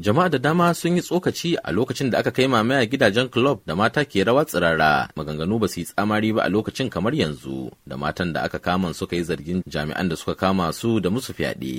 Jama'a da dama sun yi tsokaci a lokacin da aka kai mamaya gidajen club da mata ke rawa tsirara maganganu ba su yi tsamari ba a lokacin kamar yanzu da matan da aka kama suka yi zargin jami'an da suka kama su da musu fyaɗe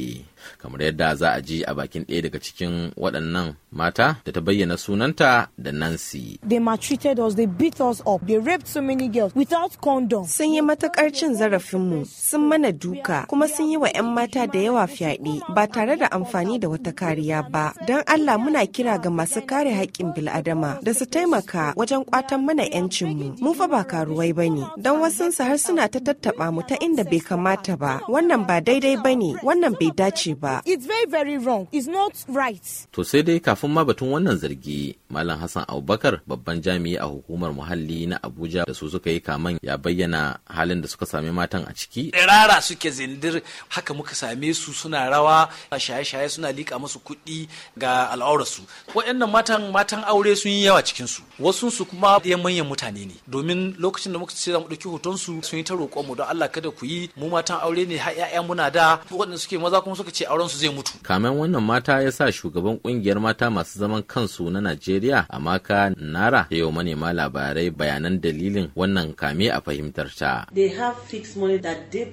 kamar yadda za a ji a bakin ɗaya daga cikin waɗannan mata da ta bayyana sunanta da Nancy. They maltreated us, they beat us up, they raped so many girls without condom. Sun yi matakar cin zarafinmu, sun mana duka, kuma sun yi wa 'yan mata da yawa fyaɗe ba tare da amfani da wata kariya ba. Allah muna kira ga masu kare haƙƙin bil'adama da su taimaka wajen kwatan mana 'yancinmu. Mu fa ba karuwai ba ne, don wasunsu har suna ta tattaɓa mu ta inda bai kamata ba. Wannan ba daidai ba ne, wannan bai dace ba. It's very very wrong. It's not right. To sai dai kafin ma batun wannan zargi, Malam Hassan Abubakar babban jami'i a hukumar muhalli na Abuja da su suka yi kaman ya bayyana halin da suka sami matan a ciki. Rara, suke zindir haka muka same su suna rawa, shaye-shaye suna liƙa musu kuɗi ga al'aurarsu waɗannan matan matan aure sun yi yawa cikin su wasu su kuma da manyan mutane ne domin lokacin da muka ce za mu ɗauki hoton su sun yi ta roƙon mu don Allah kada ku yi mu matan aure ne har ƴaƴa muna da waɗanda suke maza kuma suka ce auren su zai mutu kamar wannan mata ya sa shugaban ƙungiyar mata masu zaman kansu na Najeriya Amaka Nara ya ne manema labarai bayanan dalilin wannan kame a fahimtar ta they have fixed money the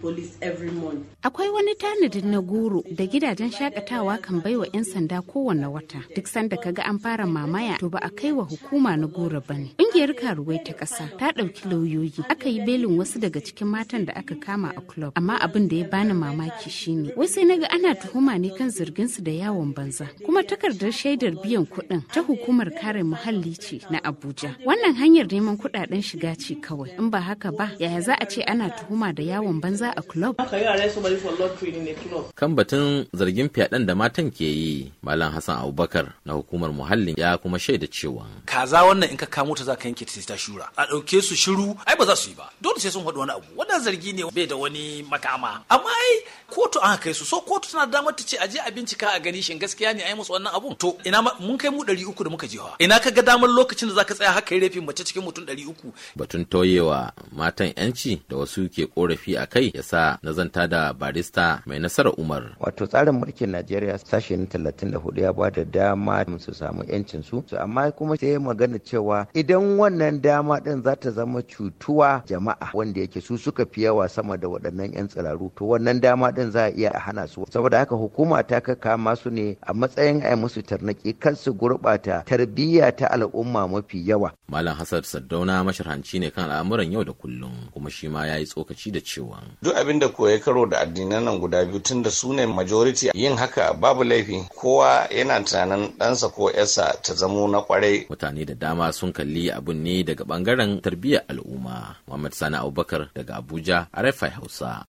police akwai wani tanadin na goro da gidajen shakatawa kan baiwa 'yan sanda kowane wata duk sanda kaga an fara mamaya to ba a kai wa hukuma na gora ne. ƙungiyar karuwai ta ƙasa ta ɗauki lauyoyi aka yi belin wasu daga cikin matan da aka kama a club amma abin da ya bani mamaki shine wai sai naga ana tuhuma ne kan zargin su da yawon banza kuma takardar shaidar biyan kuɗin ta hukumar kare muhalli ce na Abuja wannan hanyar neman kuɗaɗen shiga ce kawai in ba haka ba yaya za a ce ana tuhuma da yawon banza a club kan batun zargin fyaɗen da matan ke yi Malam Hassan Abubakar na hukumar muhallin ya kuma shaida cewa kaza wannan in ka kamo ta za ka yanke ta shura a ɗauke su shiru ai ba za su yi ba dole sai sun haɗu wani abu wannan zargi ne bai da wani makama amma ai kotu an kai su so kotu tana damar ta ce aje a bincika a gani shin gaskiya ne ai musu wannan abu. to ina mun kai mu 300 da muka jewa ina ka ga damar lokacin da za ka tsaya haka rafi mace cikin mutum uku. batun toyewa matan yanci da wasu ke korafi a kai ya yasa zanta da barista mai nasara umar wato tsarin mulkin najeriya sashe na hudu ya ba da dama su samu yancin su amma kuma sai magana cewa idan wannan dama din za ta zama cutuwa jama'a wanda yake su suka fi yawa sama da waɗannan yan tsiraru to wannan dama din din za a iya a hana su saboda haka hukuma ta kaka masu ne a matsayin a musu tarnaki kan su gurɓata tarbiyya ta al'umma mafi yawa malam hassan saddauna masharhanci ne kan al'amuran yau da kullum kuma shi ma ya yi tsokaci da cewa duk abin da koya karo da addinan nan guda biyu tun da su ne majority yin haka babu laifi kowa yana tunanin ɗansa ko yarsa ta zamo na kwarai mutane da dama sun kalli abun ne daga bangaren tarbiyyar al'umma muhammad sani abubakar daga abuja a hausa